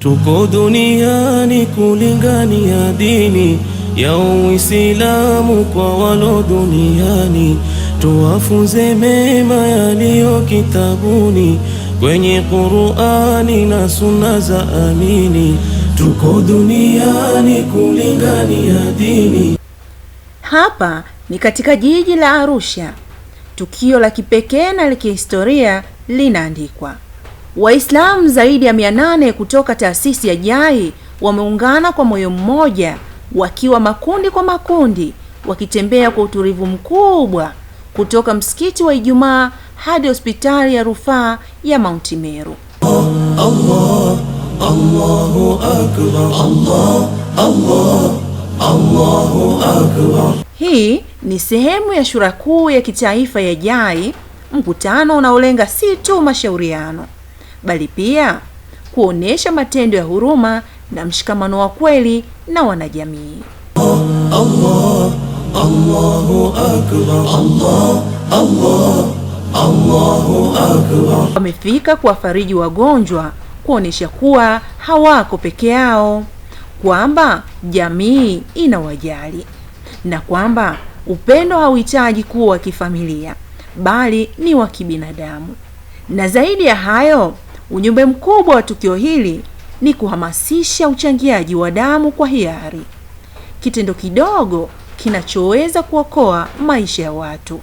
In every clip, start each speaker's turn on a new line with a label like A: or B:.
A: Tuko duniani kulingania dini ya Uislamu kwa walo duniani, tuwafunze mema yaliyo kitabuni kwenye Qur'ani na sunna za amini. Tuko duniani kulingania dini.
B: Hapa ni katika jiji la Arusha, tukio la kipekee na la kihistoria linaandikwa Waislamu zaidi ya 800 kutoka taasisi ya JAI wameungana kwa moyo mmoja, wakiwa makundi kwa makundi, wakitembea kwa utulivu mkubwa kutoka msikiti wa Ijumaa hadi hospitali ya rufaa ya Mount Meru.
C: Allah, Allahu Akbar, Allah, Allah, Allahu Akbar.
B: Hii ni sehemu ya shura kuu ya kitaifa ya JAI, mkutano unaolenga si tu mashauriano bali pia kuonesha matendo ya huruma na mshikamano wa kweli na wanajamii.
C: wamefika kwa Akbar,
B: Wamefika kuwafariji wagonjwa, kuonesha kuwa hawako peke yao, kwamba jamii inawajali na kwamba upendo hauhitaji kuwa wa kifamilia bali ni wa kibinadamu. Na zaidi ya hayo Ujumbe mkubwa wa tukio hili ni kuhamasisha uchangiaji wa damu kwa hiari, kitendo kidogo kinachoweza kuokoa maisha ya watu.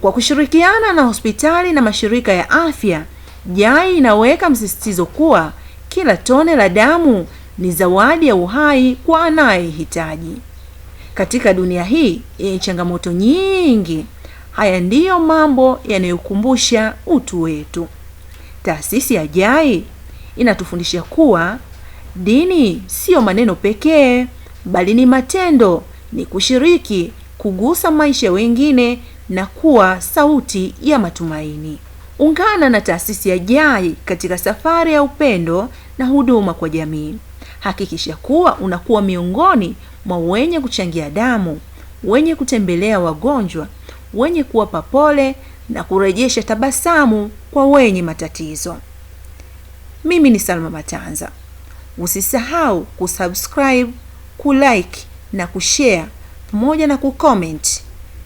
B: Kwa kushirikiana na hospitali na mashirika ya afya, JAI inaweka msisitizo kuwa kila tone la damu ni zawadi ya uhai kwa anayehitaji. Katika dunia hii yenye changamoto nyingi, haya ndiyo mambo yanayokumbusha utu wetu. Taasisi ya JAI inatufundisha kuwa dini siyo maneno pekee, bali ni matendo, ni kushiriki, kugusa maisha wengine na kuwa sauti ya matumaini. Ungana na taasisi ya JAI katika safari ya upendo na huduma kwa jamii hakikisha kuwa unakuwa miongoni mwa wenye kuchangia damu, wenye kutembelea wagonjwa, wenye kuwapa pole na kurejesha tabasamu kwa wenye matatizo. Mimi ni Salma Matanza. Usisahau kusubscribe, kulike na kushare pamoja na kucomment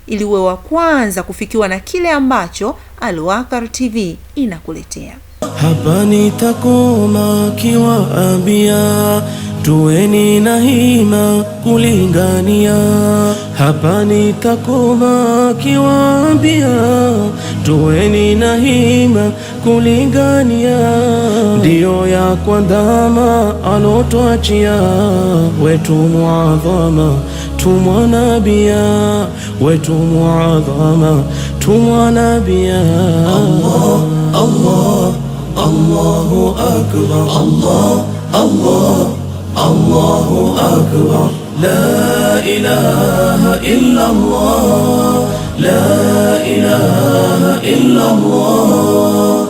B: ili uwe wa kwanza kufikiwa na kile ambacho Al TV inakuletea.
A: Hapa nitakoma kiwaambia, tuweni na hima kulingania. Hapa nitakoma kiwaambia, tuweni na hima kulingania. Ndiyo ya kwa kwandama alotwachia, wetu muadhama tumwanabia, wetu muadhama tumwanabia.
C: Allah, Allah الله أكبر الله الله الله أكبر لا إله إلا الله لا إله إلا الله